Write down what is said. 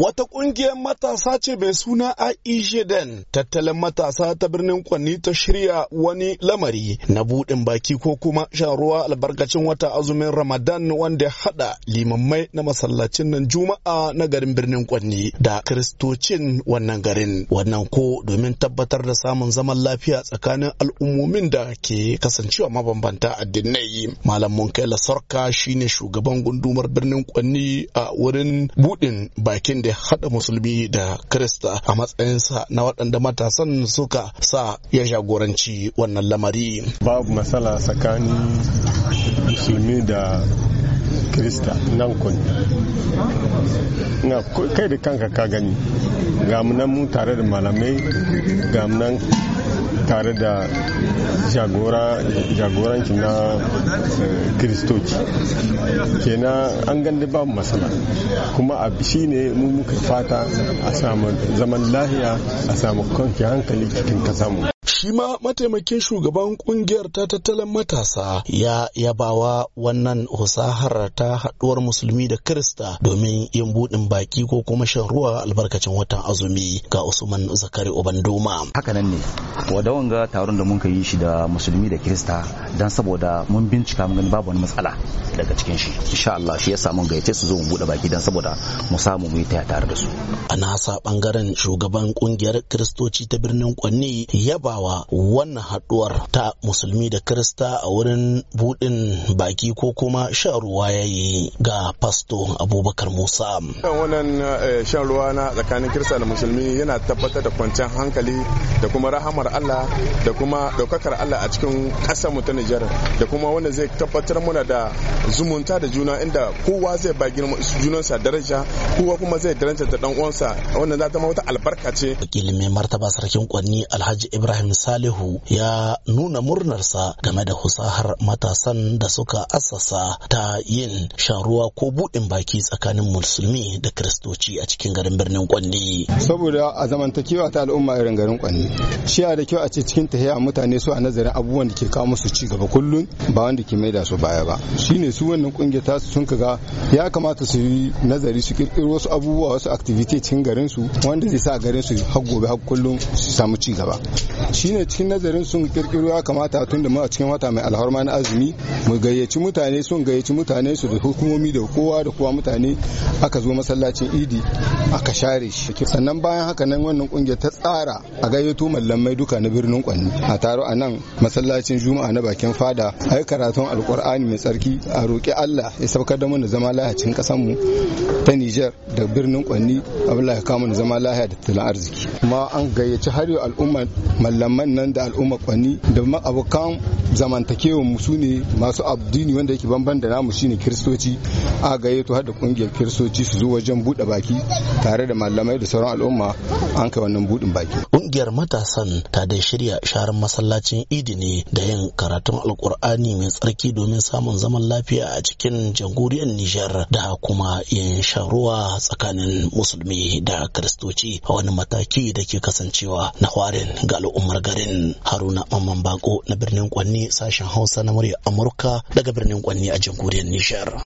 Wata ƙungiyar matasa ce mai suna Aishidan e tattalin matasa ta birnin Kwanni ta shirya wani lamari na buɗin baki ko kuma shan ruwa albarkacin wata azumin Ramadan wanda ya haɗa limammai na masallacin nan Juma'a na garin birnin Kwanni da Kiristocin wannan garin. Wannan ko domin tabbatar da samun zaman lafiya tsakanin al'ummomin da ke kasancewa mabambanta addinai. Malam Munkaila Sarka shine shugaban gundumar birnin Kwanni a wurin buɗin bakin da ya haɗa musulmi da krista a matsayinsa na waɗanda matasan suka sa ya jagoranci wannan lamari babu matsala tsakanin musulmi da minista nan kun na kai da kanka ka gani ga nan mu tare da malamai ga nan tare da jagoranci na eh, kiristoci kenan an ganda ba matsala kuma a shi ne mu muka fata a samu zaman lahiya a samu kwanke hankali cikin kasamu Shi ma mataimakin shugaban kungiyar ta tattalin matasa ya yabawa wannan husahar ta haɗuwar musulmi da Kirista domin yin buɗin baki ko kuma shan ruwa albarkacin watan azumi ga Usman Zakari Obandoma. Hakanan ne, wadawan ga taron da muka yi shi da musulmi da Kirista don saboda mun bincika mun gani babu wani matsala daga cikin shi. Insha Allah shi ya samu gayyace su zo mu buɗe baki don saboda mu samu mu yi taya tare da su. Ana sa ɓangaren shugaban kungiyar Kiristoci ta birnin Kwanni yaba wa wannan haɗuwar ta musulmi da kirista a wurin buɗin baki ko kuma shan ruwa ya yi ga fasto abubakar musa wannan eh, shan ruwa na tsakanin kirista da musulmi yana tabbatar da kwanciyar hankali da kuma rahamar allah da kuma ɗaukakar allah a cikin ƙasarmu ta nijar da kuma wanda zai tabbatar mana da zumunta da juna inda kowa zai ba junansa daraja kowa kuma zai daraja ta ɗan uwansa wannan za ta zama wata albarka ce wakilin mai martaba sarkin kwanni alhaji ibrahim Ibrahim Salihu ya nuna murnarsa game da husahar matasan da suka asasa ta yin sharuwa ko buɗin baki tsakanin musulmi da kiristoci a cikin garin birnin kwanne. Saboda a zamantakewa ta al'umma irin garin kwanne shi da kyau a ce cikin tahiya mutane su a nazarin abubuwan da ke kawo musu ci gaba kullum ba wanda ke maida su baya ba. Shine su wannan kungiyar ta sun kaga ya kamata su yi nazari su kirkiro wasu abubuwa wasu activity cikin garin su wanda zai sa garin su har gobe har kullum su samu ci gaba. Shi ne cikin nazarin sun kirkiro ya kamata tun da a cikin wata mai alharma na azumi mu gayyaci mutane sun gayyaci mutane su da hukumomi da kowa da kowa mutane aka zo masallacin idi aka share shi sannan bayan haka nan wannan kungiyar ta tsara a gayyato mallamai duka na birnin kwanni a taro a nan masallacin juma'a na bakin fada a yi karatun alkur'ani mai tsarki a roƙi allah ya saukar da mana zama lahacin mu ta nijar da birnin kwanni abu ya kama zama lahiya da tattalin arziki kuma an gayyaci har al'umma mallamai malaman nan da al'umma kwanni da ma abokan zamantakewa mu su ne masu addini wanda yake banban da namu shine kiristoci a gayyato har da kungiyar kiristoci su zo wajen bude baki tare da malamai da sauran al'umma an kai wannan budin baki kungiyar matasan ta da shirya sharan masallacin idi ne da yin karatun alkur'ani mai tsarki domin samun zaman lafiya a cikin jamhuriyar nijar da kuma yin sharuwa tsakanin musulmi da kiristoci a wani mataki da ke kasancewa na hwarin ga al'umma kamar garin haruna mamman bako na birnin kwanni sashen hausa na murya amurka daga birnin kwanni a jamhuriyar nishar